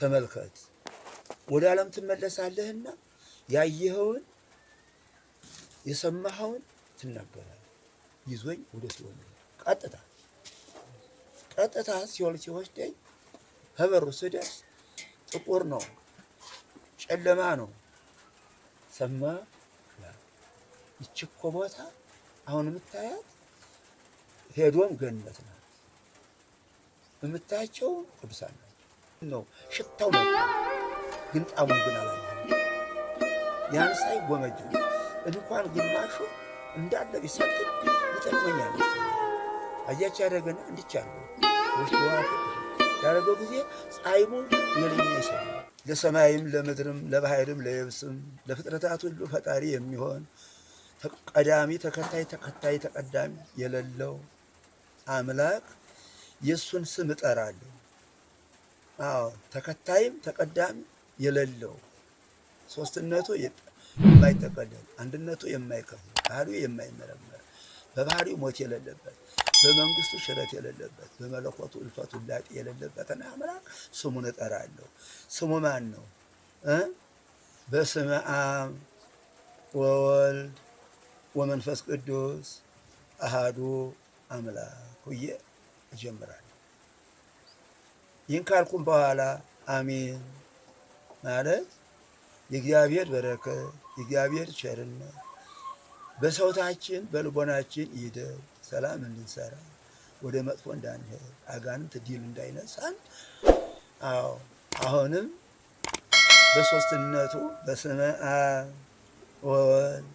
ተመልከት። ወደ ዓለም ትመለሳለህና ያየኸውን የሰማኸውን ትናገራለህ። ይዞኝ ወደ ሲሆን ቀጥታ ቀጥታ ሲሆን ሲወስደኝ ከበሩ ስደርስ ጥቁር ነው፣ ጨለማ ነው። ሰማ ይች እኮ ቦታ አሁን የምታያት ሄዶም ገነት ናት። የምታያቸው ቅዱሳን ነው። ነው ሽታው ነው ግን ጣሙን ግን አላ ያን ሳይ ጎመጅ እንኳን ግማሹ እንዳለ ቢሰጥ ይጠቅመኛል። አያች ያደረገና እንዲቻለ ወስዋ ያደረገው ጊዜ ፀሐይሙ የለኛ ይሰል ለሰማይም ለምድርም ለባህርም ለየብስም ለፍጥረታት ሁሉ ፈጣሪ የሚሆን ቀዳሚ ተከታይ ተከታይ ተቀዳሚ የሌለው አምላክ የእሱን ስም እጠራለሁ። አዎ ተከታይም ተቀዳሚ የሌለው ሶስትነቱ የማይጠቀለል አንድነቱ የማይከፍል ባህሪው የማይመረመር በባህሪው ሞት የሌለበት በመንግስቱ ሽረት የሌለበት በመለኮቱ እልፈቱ ላጤ የሌለበትን አምላክ ስሙን እጠራለሁ። ስሙ ማን ነው? በስመ አብ ወወልድ ወመንፈስ ቅዱስ አሃዱ አምላክ ሁዬ እጀምራለሁ። ይህን ካልኩም በኋላ አሜን ማለት የእግዚአብሔር በረከት የእግዚአብሔር ቸርነት በሰውታችን በልቦናችን ይደር፣ ሰላም እንድንሰራ ወደ መጥፎ እንዳንሄድ አጋንንት ድል እንዳይነሳን። አዎ አሁንም በሶስትነቱ በስመ አብ ወወልድ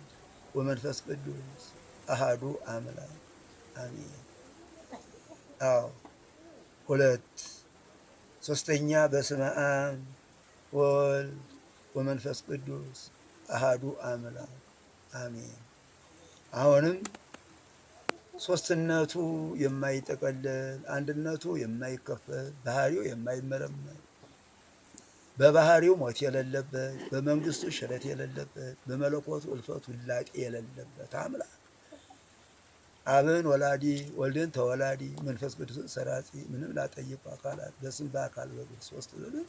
ወመንፈስ ቅዱስ አሃዱ አምላክ አሜን። አዎ ሁለት ሶስተኛ በስመ አብ ወወልድ ወመንፈስ ቅዱስ አሃዱ አምላክ አሜን። አሁንም ሶስትነቱ የማይጠቀለል አንድነቱ የማይከፈል ባህሪው የማይመረመር በባህሪው ሞት የሌለበት በመንግስቱ ሽረት የሌለበት በመለኮቱ እልፈት ውላቅ የሌለበት አምላክ አብን ወላዲ ወልድን ተወላዲ መንፈስ ቅዱስን ሰራጺ ምንም ላጠይቁ አካላት በስም በአካል በግል ሶስት ብለን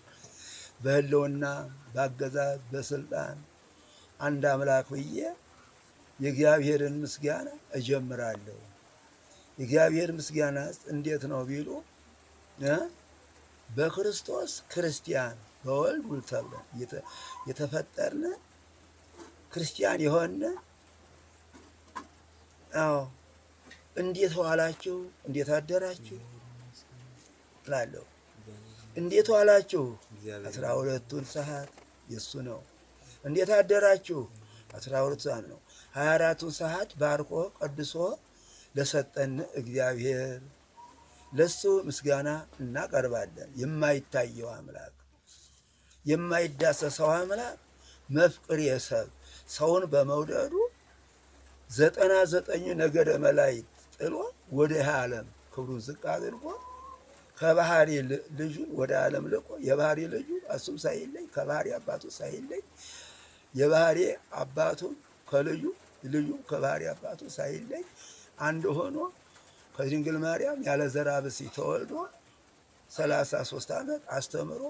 በህልውና በአገዛዝ በስልጣን አንድ አምላክ ብዬ የእግዚአብሔርን ምስጋና እጀምራለሁ። የእግዚአብሔር ምስጋና እንዴት ነው ቢሉ በክርስቶስ ክርስቲያን በወልድ ውል ተብለን የተፈጠርን ክርስቲያን የሆነ አዎ እንዴት ዋላችሁ፣ እንዴት አደራችሁ ላለሁ እንዴት ዋላችሁ? አስራ ሁለቱን ሰዓት የእሱ ነው። እንዴት አደራችሁ? አስራ ሁለት ሰዓት ነው። ሀያ አራቱን ሰዓት ባርኮ ቀድሶ ለሰጠን እግዚአብሔር ለሱ ምስጋና እናቀርባለን። የማይታየው አምላክ የማይዳሰሰው አምላክ መፍቅር የሰብ ሰውን በመውደዱ ዘጠና ዘጠኙ ነገደ መላእክት ጥሎ ወደ ዓለም ክብሩን ዝቅ አድርጎ ከባህሪ ልጁን ወደ ዓለም ልቆ የባህሪ ልጁ እሱም ሳይለይ ከባህሪ አባቱ ሳይለይ የባህሪ አባቱ ከልዩ ልዩም ከባህሪ አባቱ ሳይለይ አንድ ሆኖ ከድንግል ማርያም ያለ ዘራ ብሲ ተወልዶ ሰላሳ ሶስት ዓመት አስተምሮ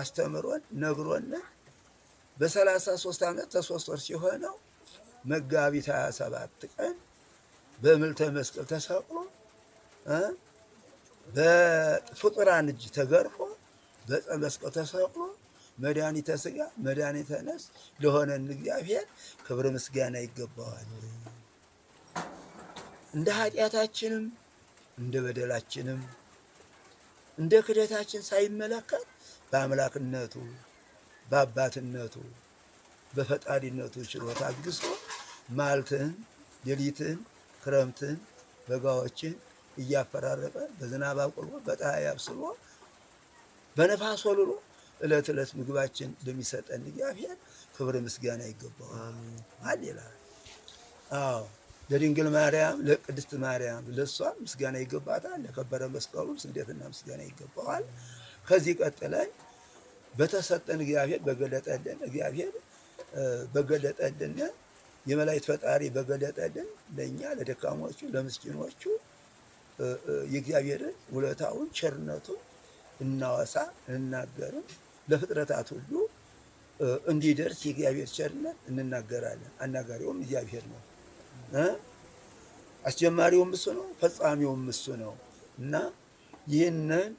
አስተምሮን ነግሮን በሰላሳ ሶስት ዓመት ተሶስት ወር ሲሆነው መጋቢት 27 ቀን በምልተ መስቀል ተሰቅሎ በፍጡራን እጅ ተገርፎ በዕፀ መስቀል ተሰቅሎ መድኃኒተ ሥጋ መድኃኒተ ነፍስ ለሆነን እግዚአብሔር ክብር ምስጋና ይገባዋል። እንደ ኃጢአታችንም እንደ በደላችንም እንደ ክደታችን ሳይመለከት በአምላክነቱ በአባትነቱ በፈጣሪነቱ ችሎታ አግዞ ማልትን ሌሊትን ክረምትን በጋዎችን እያፈራረቀ በዝናብ አቁልቦ በፀሐይ አብስሎ በነፋስ ወልሎ እለት እለት ምግባችን ለሚሰጠን እግዚአብሔር ክብር ምስጋና ይገባዋል ይላል። አዎ ለድንግል ማርያም ለቅድስት ማርያም ለእሷ ምስጋና ይገባታል። ለከበረ መስቀሉ ስግደትና ምስጋና ይገባዋል። ከዚህ ቀጥለን በተሰጠን እግዚአብሔር በገለጠልን እግዚአብሔር በገለጠልን የመላእክት ፈጣሪ በገለጠልን ለእኛ ለደካሞቹ ለምስኪኖቹ የእግዚአብሔርን ውለታውን ቸርነቱን እናወሳ እንናገርም ለፍጥረታት ሁሉ እንዲደርስ የእግዚአብሔር ቸርነት እንናገራለን። አናጋሪውም እግዚአብሔር ነው፣ አስጀማሪውም እሱ ነው፣ ፈጻሚውም እሱ ነው እና ይህንን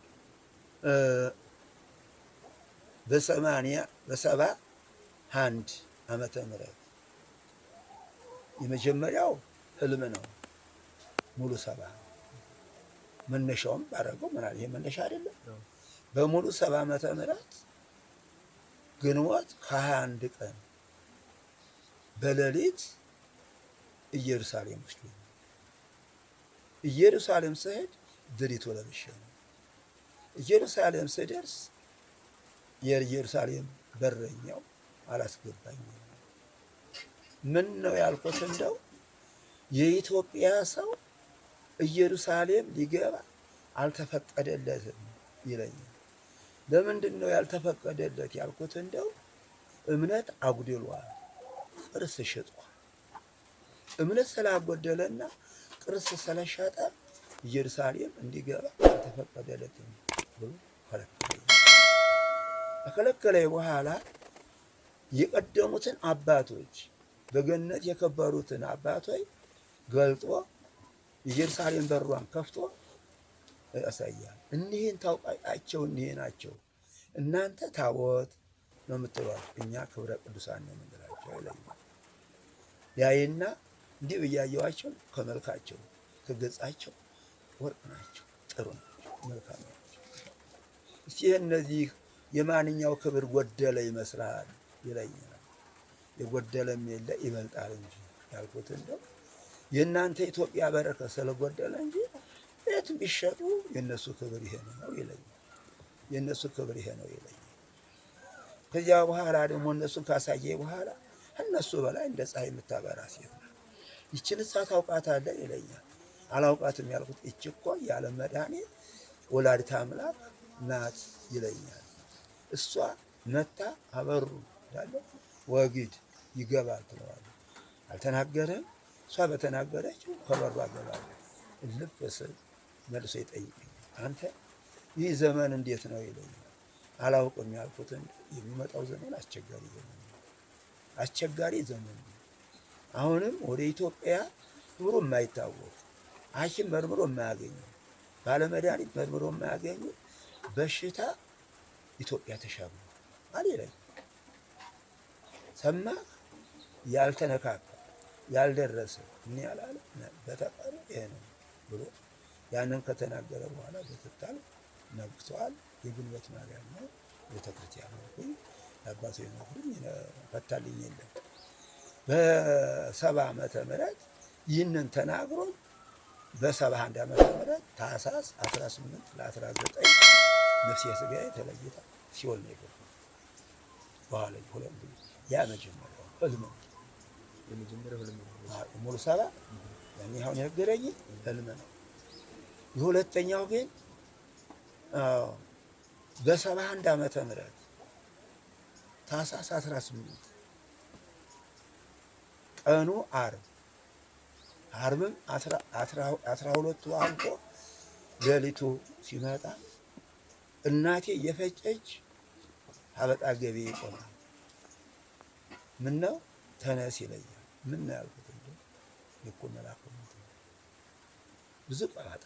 በሰማንያ በሰባ አንድ ዓመተ ምሕረት የመጀመሪያው ህልም ነው። ሙሉ ሰባ መነሻውም ባረገው ምናል ይሄ መነሻ አይደለም። በሙሉ ሰባ ዓመተ ምህረት ግንቦት ከሀያ አንድ ቀን በሌሊት ኢየሩሳሌም ውስጥ ኢየሩሳሌም ስሄድ ድሪቶ ለብሼ ነው። ኢየሩሳሌም ስደርስ የኢየሩሳሌም በረኛው አላስገባኝም። ምን ነው ያልኩት? እንደው የኢትዮጵያ ሰው ኢየሩሳሌም ሊገባ አልተፈቀደለትም ይለኛል። ለምንድን ነው ያልተፈቀደለት ያልኩት? እንደው እምነት አጉድሏል፣ ቅርስ ሽጧል። እምነት ስላጎደለና ቅርስ ስለሸጠ ኢየሩሳሌም እንዲገባ አልተፈቀደለትም ብሎ ከለከለኝ። በኋላ የቀደሙትን አባቶች በገነት የከበሩትን አባቶይ ገልጦ የኢየሩሳሌም በሯን ከፍቶ ያሳያል። እኒህን ታውቃቸው እኒህ ናቸው። እናንተ ታቦት ነው የምትሏት፣ እኛ ክብረ ቅዱሳን ነው የምንላቸው ይለኛል። ያይና እንዲህ ብያየዋቸው ከመልካቸው ከገጻቸው ወርቅ ናቸው፣ ጥሩ ናቸው፣ መልካም ናቸው። እስቲ እነዚህ የማንኛው ክብር ጎደለ ይመስላል ይለኛል። የጎደለም የለ ይበልጣል እንጂ ያልኩት እንደው የእናንተ ኢትዮጵያ በረከት ስለጎደለ እንጂ የት ቢሸጡ የእነሱ ክብር ይሄ ነው ይለኝ፣ የእነሱ ክብር ይሄ ነው ይለኝ። ከዚያ በኋላ ደግሞ እነሱን ካሳየ በኋላ እነሱ በላይ እንደ ፀሐይ የምታበራ ሴት ይችን እሳት አውቃታለህ ይለኛል። አላውቃትም ያልኩት እች እኮ ያለ መድኃኒት ወላዲተ አምላክ ናት ይለኛል። እሷ መታ አበሩ ያለ ወግድ ይገባል ትለዋለህ። አልተናገረም። እሷ በተናገረችው ከበሩ አገባለሁ። እልፍ መልሶ ይጠይቀኛል። አንተ ይህ ዘመን እንዴት ነው ይለኛል። አላውቅም ያልኩትን የሚመጣው ዘመን አስቸጋሪ ዘመን ነው። አስቸጋሪ ዘመን ነው። አሁንም ወደ ኢትዮጵያ ምሮ የማይታወቅ ሐኪም መርምሮ የማያገኙ ባለመድኃኒት መርምሮ የማያገኙ በሽታ ኢትዮጵያ ተሻግሯል አሌ ላይ ሰማህ ያልተነካካ ያልደረሰ ምን ያላለ በተቃሪ ይሄ ነው ብሎ ያንን ከተናገረ በኋላ በትታል ነግተዋል። የግንበት ማርያም ነው ቤተክርስቲያን ሆንኩኝ አባቶ ሆንኩኝ ፈታልኝ የለም። በሰባ ዓመተ ምህረት ይህንን ተናግሮ በሰባ አንድ ዓመተ ምህረት ታህሳስ 18 ለ19 ነፍሴ ስጋዬ ተለይታ ሲወል ነው የገባው። በኋላ ሁለት ያ መጀመሪያው ህልም ነው ሙሉ ሰባ ያኔ አሁን የነገረኝ ህልም ነው። የሁለተኛው ግን በሰባ አንድ ዓመተ ምህረት ታህሳስ 18 ቀኑ ዓርብ ዓርብም አስራ ሁለቱ አልቆ ሌሊቱ ሲመጣ እናቴ የፈጨች አበጣ ገቢ ይቆማል። ምነው ተነስ ይለኛል። ምን ነው ያልኩት? እንደ እኮ መልአክ ብዙ ቀራጥ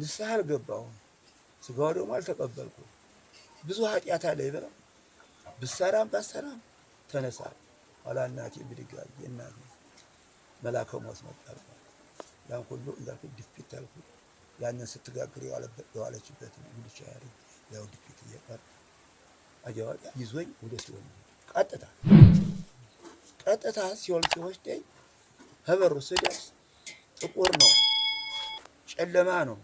ንስሐ አልገባሁም፣ ስጋው ደግሞ አልተቀበልኩ ብዙ ኃጢአት አለኝ ብለው ብሰራም ባሰራም ተነሳ ኋላ እናቴ ብድግ አለች። እናቴ ሞት መጣል ያን ሁሉ እንዳልኩ ድፊት አልኩ። ያንን ስትጋግር የዋለችበት ጉድቻ ያለ ያው ድፊት እየቀረ አጀዋል ይዞኝ ወደ ሲሆን ቀጥታ ቀጥታ ሲኦል ሲወስደኝ ከበሩ ስደርስ ጥቁር ነው፣ ጨለማ ነው።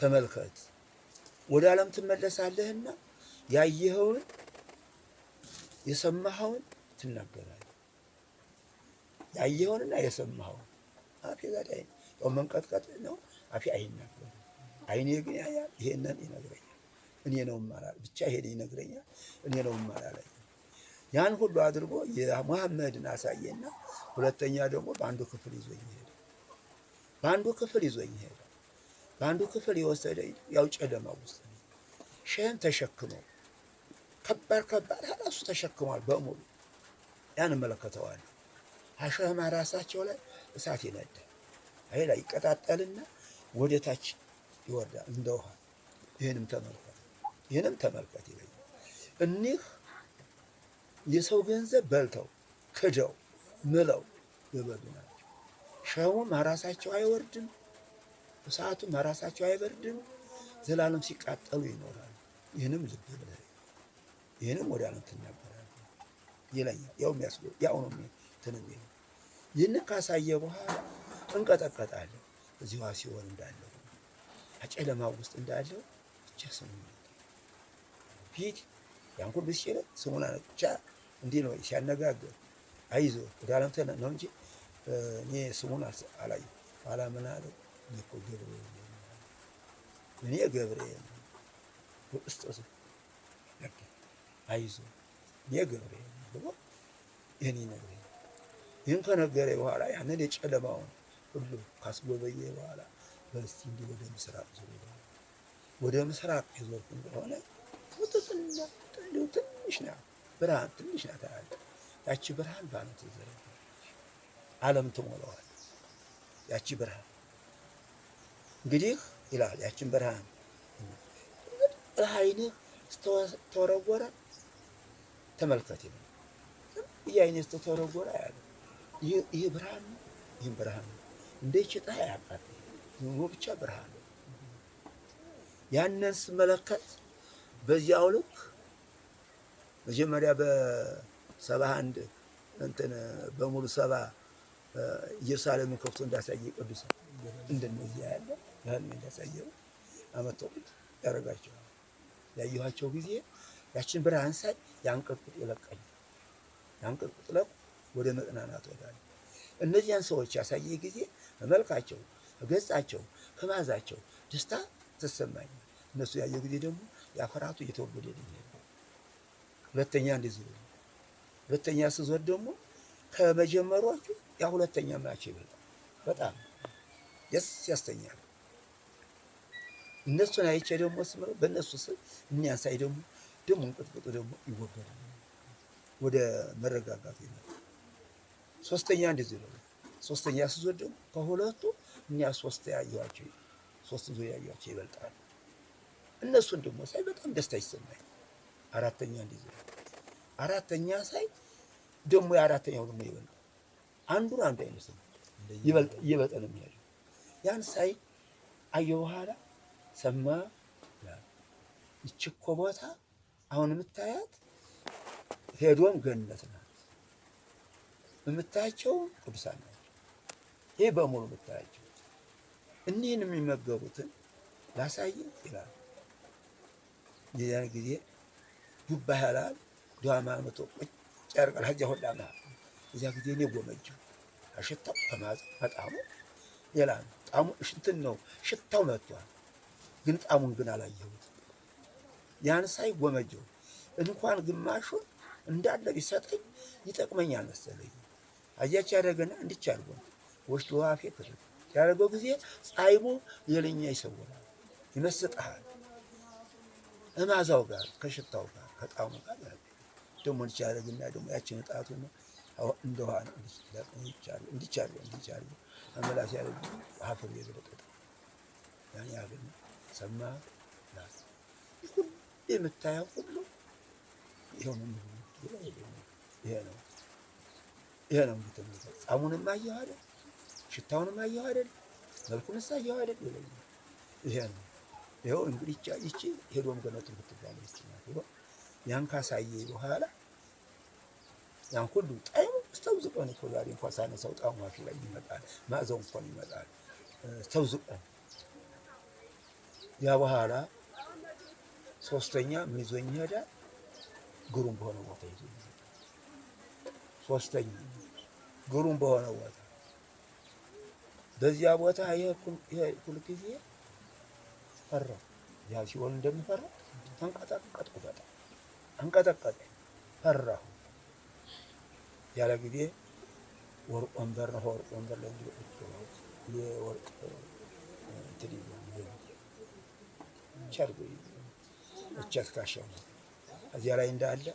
ተመልከት፣ ወደ ዓለም ትመለሳለህና ያየኸውን የሰማኸውን ትናገራለህ። ያየኸውንና የሰማኸውን አፌ ታዲያ ያው መንቀጥቀጥ ነው። አፌ አይናገርም፣ አይኔ ግን ያያል። ይሄንን ይነግረኛል። እኔ ነው እማላለሁ ብቻ ይሄን ይነግረኛል። እኔ ነው እማላለሁ ያን ሁሉ አድርጎ የሙሐመድን አሳየና፣ ሁለተኛ ደግሞ በአንዱ ክፍል ይዞኝ ሄደ። በአንዱ ክፍል ይዞኝ ሄደ። በአንዱ ክፍል የወሰደ ያው ጨለማ ውስጥ ሸህም ተሸክሞ ከባድ ከባድ ራሱ ተሸክሟል በሙሉ ያን እመለከተዋለሁ። አሸህማ ራሳቸው ላይ እሳት ይነዳል። አይ ላይ ይቀጣጠልና ወደታች ይወርዳል እንደውሃ። ይህንም ተመልከት፣ ይህንም ተመልከት ይለኛል እኒህ የሰው ገንዘብ በልተው ክደው ምለው የበሉ ናቸው። ሸሙም አራሳቸው አይወርድም፣ እሳቱም አራሳቸው አይበርድም። ዘላለም ሲቃጠሉ ይኖራሉ። ይህንም ልብ ብለህ ይህንም ወደ አለም ትናገራለህ ይለኛል። ያው የሚያስብ ያው ነው ትንም ይህን ካሳየ በኋላ እንቀጠቀጣለሁ። እዚዋ ሲሆን እንዳለው አጨለማ ውስጥ እንዳለው ብቻ ስሙ ቤት ያን ሁሉ ሲለ ስሙን ብቻ እንዲህ ነው ሲያነጋግር፣ አይዞ ወደ አለም ተነ ነው እንጂ እኔ ስሙን አላየ ኋላ ምን አለ እኮ ገብርኤል እኔ ገብርኤል በቅስጦስ አይዞ እኔ ገብርኤል ብሎ ይህን ይነግረኝ። ይህን ከነገረ በኋላ ያንን የጨለማውን ሁሉ ካስጎበየ በኋላ በስቲ እንዲህ ወደ ምስራቅ ዞር ወደ ምስራቅ የዞርኩ እንደሆነ እና እንዲሁ ትንሽ ብርሃን ትንሽ ያቺ ብርሃን በዓለም ትዘረጋለች፣ ዓለም ትሞላዋል። ያቺ ብርሃን እንግዲህ ይላል ያችን ብርሃን ስተወረወረ ተመልከት ይላል። ይህ አይነት ያለ ይህ ብርሃን ነው። ይህም ብርሃን ነው እንደ ጭጣ ብቻ ብርሃን ነው። ያንን ስመለከት በዚያው ልክ መጀመሪያ በሰባ አንድ እንትን በሙሉ ሰባ ኢየሩሳሌምን ከፍቶ እንዳሳየ ቅዱስ እንደነዚያ ያለ ያህል እንዳሳየው አመተው ያደረጋቸው ያየኋቸው ጊዜ ያችን ብርሃን ሳይ ያንቀጥቅጥ ይለቀኝ ያንቀጥቅጥ ለቅ ወደ መጽናናት ወዳለ እነዚያን ሰዎች ያሳየ ጊዜ መልካቸው፣ ገጻቸው፣ ከማዛቸው ደስታ ተሰማኝ። እነሱ ያየው ጊዜ ደግሞ ያፈራቱ እየተወገደ ነው። ሁለተኛ እንደዚህ ነው። ሁለተኛ ስዞን ደግሞ ከመጀመሪያዎቹ ያ ሁለተኛ ማች ይበልጣል። በጣም ደስ ያስተኛል። እነሱን አይቼ ደግሞ ስምረው በእነሱ ስም ሳይ ደግሞ ደግሞ እንቅጥቅጡ ደግሞ ይወገዳል። ወደ መረጋጋት ይመጣል። ሶስተኛ እንደዚህ ነው። ሶስተኛ ስዞን ደግሞ ከሁለቱ እኛ ሶስት ያየኋቸው ሶስት ዙር ያየኋቸው ይበልጣሉ። እነሱን ደግሞ ሳይ በጣም ደስታ ይሰማኝ። አራተኛ እንደዚህ አራተኛ ሳይ ደግሞ የአራተኛው ደግሞ ይበል አንዱን አንዱ አይመስል ይበልጥ እየበጠ ነው የሚሄድ ያን ሳይ አየ በኋላ ሰማ ይችኮ ቦታ አሁን የምታያት ሄዶም ገነት ናት። የምታያቸው ቅዱሳን ናቸው። ይህ በሙሉ የምታያቸው እኒህን የሚመገቡትን ላሳየ ይላል። የዚያን ጊዜ ዱባ ያላል ዷማ መቶ ቁጭ ያርቃል። ሀጃ ሁላ መሃል እዚያ ጊዜ እኔ ጎመጀው አሽታው ከማዘ በጣሙ ሌላ ነው። ጣሙ ሽንትን ነው ሽታው መጥቷል፣ ግን ጣሙን ግን አላየሁት። ያን ሳይ ጎመጀው እንኳን ግማሹን እንዳለ ቢሰጠኝ ይጠቅመኛል መሰለኝ። አያች ያደረገና እንድች አድርጎ ወስዶ ዋፌ ያደረገው ጊዜ ፀሐይሞ የለኛ ይሰውራል፣ ይመስጥሃል እማዛው ጋር ከሽታው ጋር ከጣሙ ጋር ደግሞ እንዲቻለግና ደግሞ ያችን እጣቱ እንደውሃ ነው እንዲቻለ እንዲቻለ እንዲቻለ አመላስ ያለ ሀፈር የበለጠጠ ያን ያገኝ ሰማ ናት ሁሉ የምታየው ሁሉ ይሄ ነው ይሄ ነው ጣሙንም አይደል፣ ሽታውንም አይደል፣ መልኩንስ አይደል። ይሄ ነው ይኸው እንግዲህ ይቺ ሄዶም ገነት የምትባለች ናት ብሎ ያን ካሳየ በኋላ ያን ሁሉ ጣዕሙ ስተውዝቀን እኮ ዛሬ እንኳን ሳነሳው ጣዕሙ አፍ ላይ ይመጣል፣ ማዕዛው እንኳን ይመጣል። ስተውዝቀን ያ በኋላ ሶስተኛ ሚዞኝ ሄዳ ግሩም በሆነ ቦታ ይዞ ሶስተኛ ግሩም በሆነ ቦታ በዚያ ቦታ ይሄ ሁል ጊዜ ፈራሁ። ያ ሲሆን እንደምፈራ ተንቀጠቀጥኩ፣ በጣም አንቀጠቀጠ፣ ፈራሁ። ያለ ጊዜ ወርቅ ወንበር ነው። ወርቅ ወንበር ላይ የወርቅ ትልዩ ቸርጎ እቸት ካሸው እዚያ ላይ እንዳለ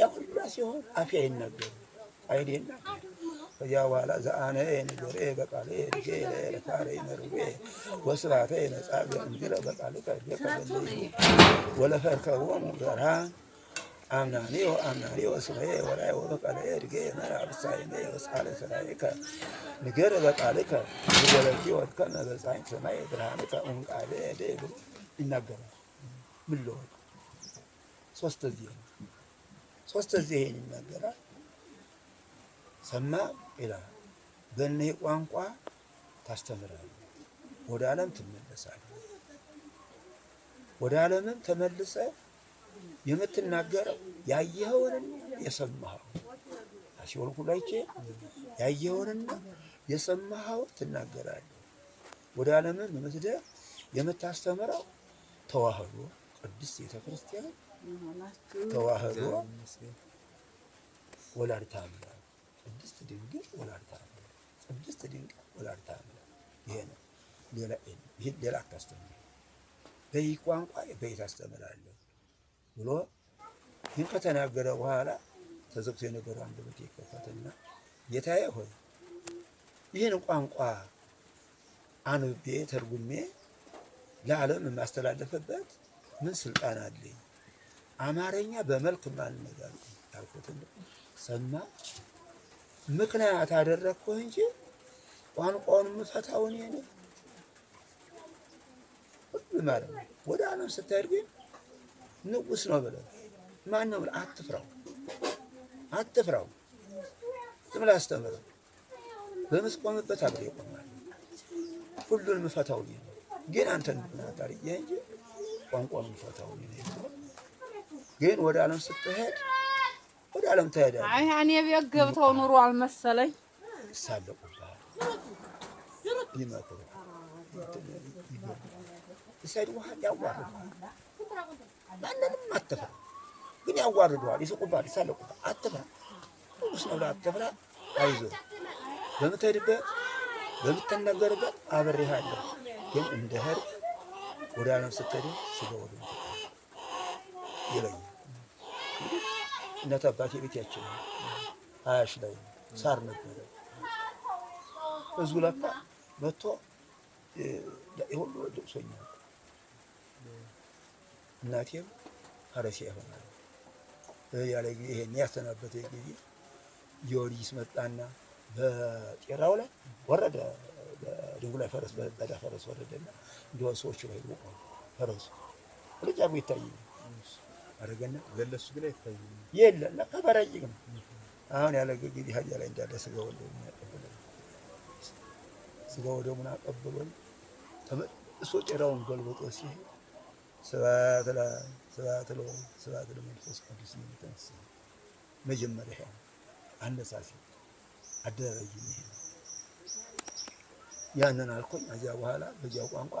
ያ ሁላ ሲሆን አፌ አይዴ ከዚያ በኋላ ዘአነ ንገር በቃል ሄድጌ ለኤለታረ መርዌ ወስራተ መጻብ እንዲረ በቃል ቀርቤ ከበልዩ ወለፈርከቦሙ ዘራ አምናኒ አምናኒ ወስበየ ወራይ ወበቃል ሄድጌ መራ ብሳይነ ወስአለ ስራይከ ንገር በቃልከ ወለኪ ወትከነ በጻኝ ሰማይ ብርሃንከ እምቃለ ደ ብሎ ይናገራል። ምን ለሆነ ሶስት ጊዜ ሶስት ጊዜ ይናገራል። ሰማ ይላል። በእኔ ቋንቋ ታስተምራለህ፣ ወደ ዓለም ትመለሳለህ። ወደ ዓለምም ተመልሰ የምትናገረው ያየኸውንና የሰማኸውን ሲኦል ሁላይቼ ያየኸውንና የሰማኸውን ትናገራለህ። ወደ ዓለምም የምትደር የምታስተምረው ተዋህዶ ቅድስት ቤተ ክርስቲያን ተዋህዶ ወላዲተ አምላክ ቅድስት ድንግል ወላዲተ አምላክ፣ ቅድስት ድንግል ወላዲተ አምላክ። ይሄ ነው። ሌላ ይሄ ሌላ አታስተምር፣ በይህ ቋንቋ በይህ አስተምራለሁ ብሎ ይህን ከተናገረ በኋላ ተዘግቶ የነበረው አንደበት ይከፈትና ጌታዬ ሆይ ይህን ቋንቋ አንብቤ ተርጉሜ ለዓለም የማስተላለፈበት ምን ስልጣን አለኝ? አማርኛ በመልክ ማልነጋል ያልኩትን ሰማ። ምክንያት አደረግኩ እንጂ ቋንቋውን የምፈታው እኔ ነኝ። ሁሉ ማለት ነው። ወደ ዓለም ስትሄድ ግን ንጉሥ ነው ብለህ ማን ነው ብለህ አትፍራው፣ አትፍራው። ዝም ብለህ አስተምረው። በምትቆምበት አብሬ ይቆማል። ሁሉን እፈታው እኔ ነኝ። ግን አንተ ምክንያት አድርጌህ እንጂ ቋንቋውን የምፈታው እኔ ነኝ። ግን ወደ ዓለም ስትሄድ ወደ ዓለም ትሄዳለህ። አይ እኔ ቤት ገብተው ኑሮ አልመሰለኝ። ግን አትፍራ፣ ነው። አትፍራ፣ አይዞህ። በምትሄድበት በምትነገርበት አብሬሃለሁ። ግን ወደ ዓለም ስትሄድ ይለኛል እናት አባቴ ቤት ያቸው አያሽ ላይ ሳር ነበረ። እዙ ለካ መጥቶ ሁሉ ደቅሶኛል። እናቴም አረሴ ይሆናል ያለ ይሄን ያሰናበተ ጊዜ ጊዮርጊስ መጣና በጤራው ላይ ወረደ። ድንጉላይ ፈረስ በጠዳ ፈረስ ወረደና እንዲሆን ሰዎች ላይ ፈረሱ ርጫ ይታየኛል አደረገና ለለሱ ግን አይታይም። የለም ለካ ባራጅ አሁን ያለገ ጊዜ ሀዲያ ላይ እንዳለ ስጋ ወደሙ ያቀበለ ስጋ ወደሙን አቀበሎ ተመልሶ ጭራውን ገልብጦ ሲሄድ ስብሐት ለመንፈስ ቅዱስ ነው የተነሳ መጀመሪያ ያው አነሳሲ አደረጅ ይሄ ያንን አልኮኝ ከዚያ በኋላ በዚያው ቋንቋ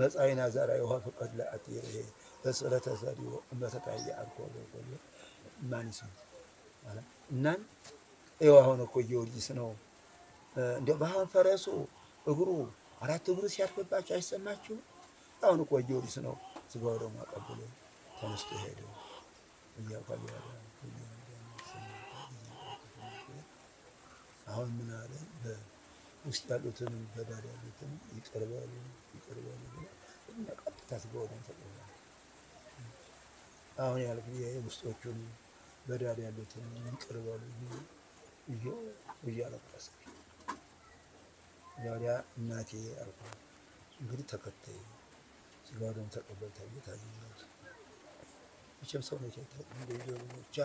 መጻይና ዘራ የውሃ ፍቀድ ለአትይር ይሄ በስዕለተ ሰሪዮ እመተጣየ አልኮሎ ኮሎ ማን ይሰው እናን ይኸው አሁን እኮ ጊዮርጊስ ነው እንደ ባህን ፈረሱ እግሩ አራት እግሩ ሲያልፍባቸው አይሰማችሁ? አሁን እኮ ጊዮርጊስ ነው ስጋው ደግሞ አቀብሎ ተነስቶ ሄደ እያቋል አሁን ምን አለ ውስጥ በዳር ያሉትን ይቀርባሉ ይቀርባሉ እና ቀጥታ ስጋውን ፈቅደናል። አሁን ያልኩ የውስጦቹን በዳር ያሉትን ይዞ እያለቀሰ እናቴ አልኩ እንግዲህ ተከታይ ስጋው ተቀበል መቼም ሰውነቴ ብቻ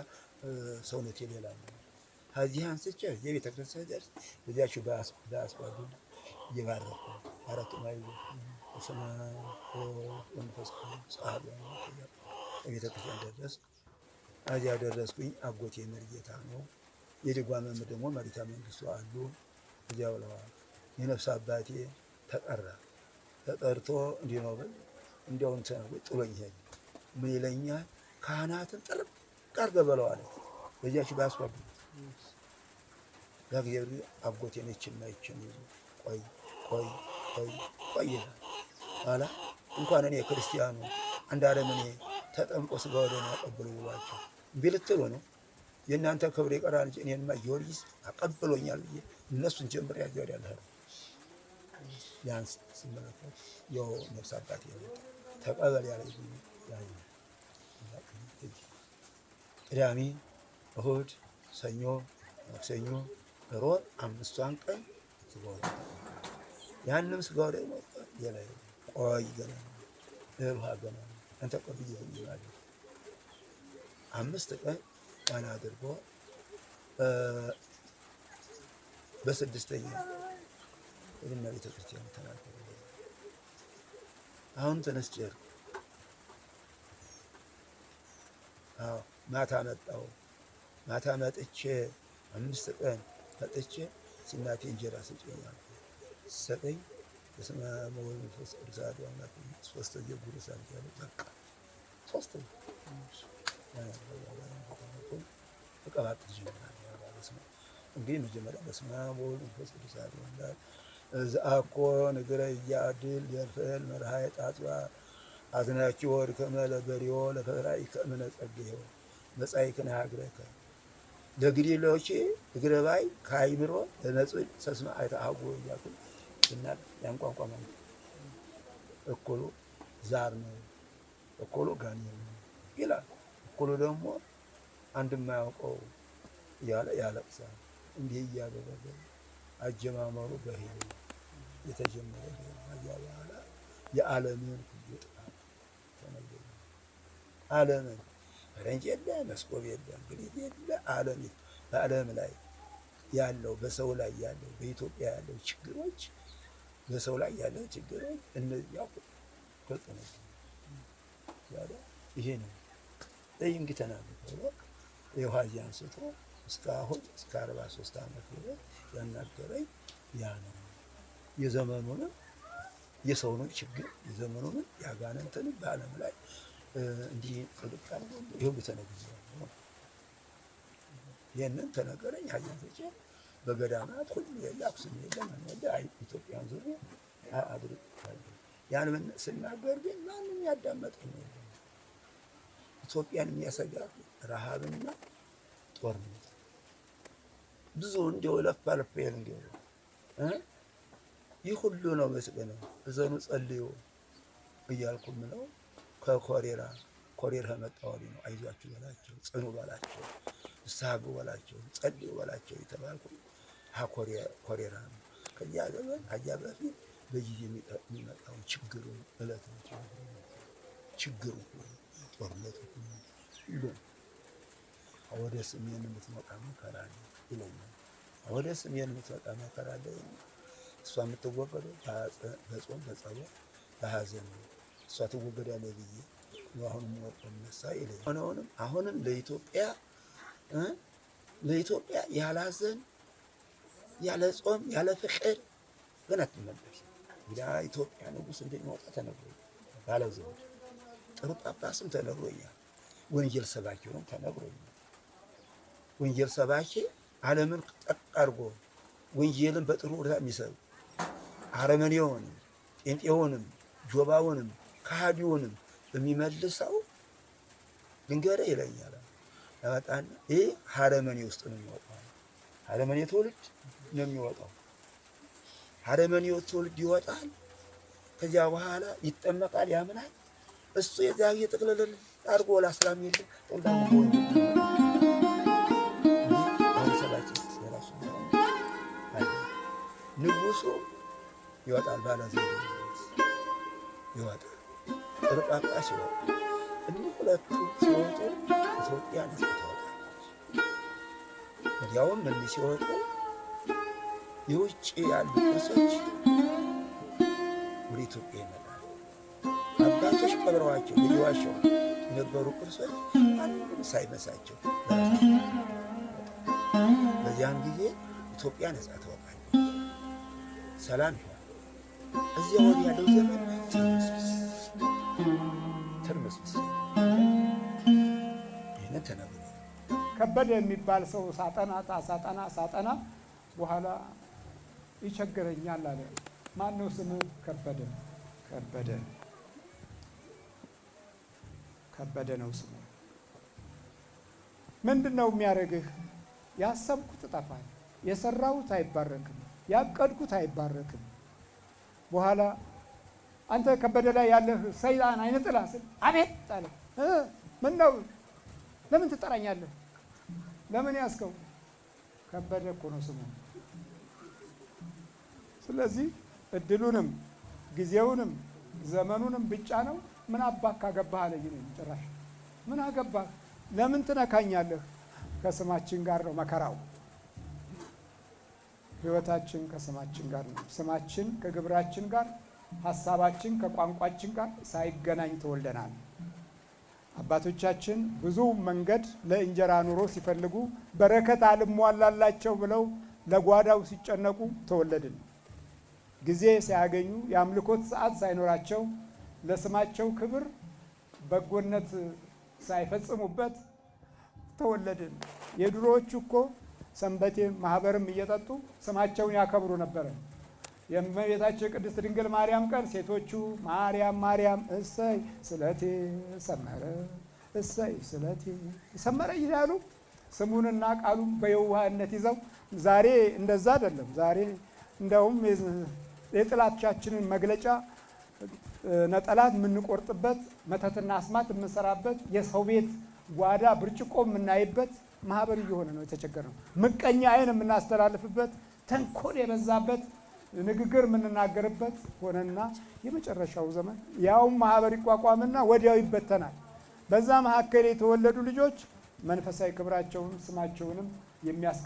ሰውነቴ ሌላ ነው ከዚህ አንስቼ የቤተ ክርስቲያን ደርስ በዚያችሁ በአስኳዱ እየባረኩ አራቱ ማይ በስመ አብ ወመንፈስ ቅዱስ ክርስቲያን ደረስ። እዚያ ደረስኩኝ። አጎቴ መርጌታ ነው። የድጓ መምህር ደግሞ መሪታ መንግስቱ አሉ። እዚያ ብለዋል። የነፍስ አባቴ ተጠራ። ተጠርቶ እንዲህ ነው ብል እንዲያውም ተነጎ ጥሎኝ ሄድ ምን ይለኛል? ካህናትን ጥርቅ አድርገህ በለው አለ። በዚያች በአስኳዱ እግዚአብሔር አጎቴ ነች እና ይችን ይዞ ቆይ ቆይ ቆይ ቆይ ይላል። ኋላ እንኳን እኔ ክርስቲያኑ አንድ እኔ ተጠምቆ ስጋ ወደሙን አቀብሎ ብሏቸው እምቢ ነው? የእናንተ ክብር የቀራን እንጂ እኔንማ ጊዮርጊስ አቀብሎኛል ብዬ እነሱን ጀምር ያዘ ያለህ ያንስ ቢያንስ ስመለከት ያው ነፍስ አባት የመጣ ተቀበል ያለ ቅዳሜ እሁድ ሰኞ፣ ማክሰኞ፣ ሮብ አምስቷን ቀን ስጋ ያንም ስጋው ደግሞ ገና ቆይ ገና ለብሃ ገና አንተ ቆይ ይላል። አምስት ቀን ቀን አድርጎ በስድስተኛ ወደና ቤተክርስቲያን ተናገረ። አሁን ተነስቼ ማታ መጣው። ማታ መጥቼ አምስት ቀን መጥቼ እናቴ እንጀራ ስጭኝ ሰጠኝ። በስመ አብ ወወልድ ወመንፈስ ቅዱስ አሐዱ አምላክ ሶስት ጊዜ ጉርስ አድርጋለሁ። በቃ ሶስት ተቀባጥ ጀምራል። እንግዲህ መጀመሪያ በስመ አብ ወወልድ ወመንፈስ ቅዱስ አሐዱ አምላክ ንግረ እያድል ለግዲሎቼ እግረ ባይ ከአይምሮ ለነጽል ሰስማ አይታአጎ እያሉ ስናል ያንቋቋመ እኮሎ ዛር ነው፣ እኮሎ ጋኔን ነው ይላል። እኮሎ ደግሞ አንድ የማያውቀው እያለ ያለቅሳል። እንዲህ እያደረገ አጀማመሩ በሄ የተጀመረ ያ በኋላ የዓለምን ሁሉ ጥፋት ዓለምን ፈረንጅ የለ መስኮብ የለ እንግሊዝ የለ ዓለም በዓለም ላይ ያለው በሰው ላይ ያለው በኢትዮጵያ ያለው ችግሮች በሰው ላይ ያለው ችግሮች እነዚያ ተጽዕኖ ይሄ ነው። ጠይንግ ተናግሮ የውሃዚ አንስቶ እስካሁን እስከ አርባ ሶስት ዓመት ድረስ ያናገረኝ ያ ነው። የዘመኑንም የሰውንም ችግር የዘመኑንም የአጋንንትንም በዓለም ላይ እንዲህ ፈገግታ ይኸው ተነግሬያለሁ። ይህንን ተነገረኝ። ሀዘን ሰጬ በገዳማት ሁሉ የለ አክሱም የለ ምን የለ ኢትዮጵያን ዙሪ አድርጌያለሁ። ያን ምን ስናገር ግን ማንም ያዳመጠኝ የለም። ኢትዮጵያን የሚያሰጋ ረሃብና ጦርነት ብዙ እንዲያው ለፍ አልፍ ይል ይህ ሁሉ ነው መስቀል ነው። እዘኑ ጸልዩ እያልኩም ነው ከኮሌራ ኮሬራ መጣ ወሬ ነው። አይዟችሁ በላቸው፣ ጽኑ በላቸው፣ ንስሐ ግቡ በላቸው፣ ጸልዩ በላቸው የተባልኩ ኮሬራ ነው። ከዚያ ዘመን ከዚያ በፊት በጊዜ የሚመጣው ችግሩ እለት ችግሩ ጦርነቱ ሁሉም ወደ ስሜን የምትመጣ መከራ አለ ይለኛል። ወደ ስሜን የምትመጣ መከራ አለ። እሷ የምትወገደው በጾም በጸሎት በሀዘን ነው። እሷ ትወገዳለ ብዬ አሁንም ወርቆ ነሳ ይለኝ ሆነውንም አሁንም ለኢትዮጵያ ለኢትዮጵያ ያለ ሐዘን ያለ ጾም ያለ ፍቅር ግን አትመለስ። እንግዲህ ኢትዮጵያ ንጉሥ እንደሚወጣ ተነግሮኛል። ባለ ዘውድ ጥሩ ጳጳስም ተነግሮኛል። ወንጌል ሰባኪውም ተነግሮኛል። ወንጌል ሰባኪ ዓለምን ጠቅ አድርጎ ወንጌልን በጥሩ ሁኔታ የሚሰሩ አረመኔውንም ጴንጤውንም ጆባውንም ከሃዲውንም የሚመልሰው ልንገርህ ይለኛል። ያወጣና ይህ ሀረመኔ ውስጥ ነው የሚወጣው። ሀረመኔ ትውልድ ነው የሚወጣው። ሀረመኔ ትውልድ ይወጣል። ከዚያ በኋላ ይጠመቃል፣ ያምናል። እሱ የዚያ የጥቅልልል አድርጎ ላስላም የለም ጠላ ንጉሱ ይወጣል ባለዘ ይወጣል ተነቃቃ ሲሆን ሁለቱ ሲወጡ ኢትዮጵያ ነፃ ታወጣለች። ወዲያውም ሲወጡ የውጭ ያሉ ቅርሶች ወደ ኢትዮጵያ ይመጣሉ። አባቶች ቀብረዋቸው የነበሩ ቅርሶች ሳይመሳቸው በዚያን ጊዜ ኢትዮጵያ ነፃ ሰላም ይሆን እዚያ ወዲህ ያለው ዘመን ትርምስምስ ይህን ተነብ ከበደ የሚባል ሰው ሳጠና ሳጠና ሳጠና በኋላ ይቸግረኛል አለ። ማነው ስሙ? ከበደ ከበደ ከበደ ነው ስሙ። ምንድን ነው የሚያደርግህ? ያሰብኩት ጠፋል፣ የሰራሁት አይባረክም፣ ያቀድኩት አይባረክም። በኋላ አንተ ከበደ ላይ ያለህ ሰይጣን አይነ ጥላ ስል አቤት አለ። ምን ነው ለምን ትጠራኛለህ? ለምን ያስከው? ከበደ እኮ ነው ስሙ። ስለዚህ እድሉንም ጊዜውንም ዘመኑንም ብቻ ነው። ምን አባክ ካገባህ አለኝ። ጭራሽ ምን አገባህ? ለምን ትነካኛለህ? ከስማችን ጋር ነው መከራው። ህይወታችን ከስማችን ጋር ነው። ስማችን ከግብራችን ጋር ሀሳባችን ከቋንቋችን ጋር ሳይገናኝ ተወልደናል። አባቶቻችን ብዙ መንገድ ለእንጀራ ኑሮ ሲፈልጉ በረከት አልሟላላቸው ብለው ለጓዳው ሲጨነቁ ተወለድን። ጊዜ ሳያገኙ የአምልኮት ሰዓት ሳይኖራቸው ለስማቸው ክብር በጎነት ሳይፈጽሙበት ተወለድን። የድሮዎቹ እኮ ሰንበቴ ማህበርም እየጠጡ ስማቸውን ያከብሩ ነበረ። የእመቤታችን ቅድስት ድንግል ማርያም ቀን ሴቶቹ ማርያም ማርያም እሰይ ስለቴ ሰመረ እሰይ ስለቴ ሰመረ ይላሉ። ስሙንና ቃሉን በየዋህነት ይዘው ዛሬ እንደዛ አይደለም። ዛሬ እንደውም የጥላቻችንን መግለጫ ነጠላት የምንቆርጥበት፣ መተትና አስማት የምንሰራበት፣ የሰው ቤት ጓዳ ብርጭቆ የምናይበት ማህበር እየሆነ ነው የተቸገረ ነው። ምቀኛ አይን የምናስተላልፍበት፣ ተንኮል የበዛበት ንግግር የምንናገርበት ሆነና የመጨረሻው ዘመን ያውም ማህበር ይቋቋምና ወዲያው ይበተናል። በዛ መካከል የተወለዱ ልጆች መንፈሳዊ ክብራቸውን ስማቸውንም የሚያስቀ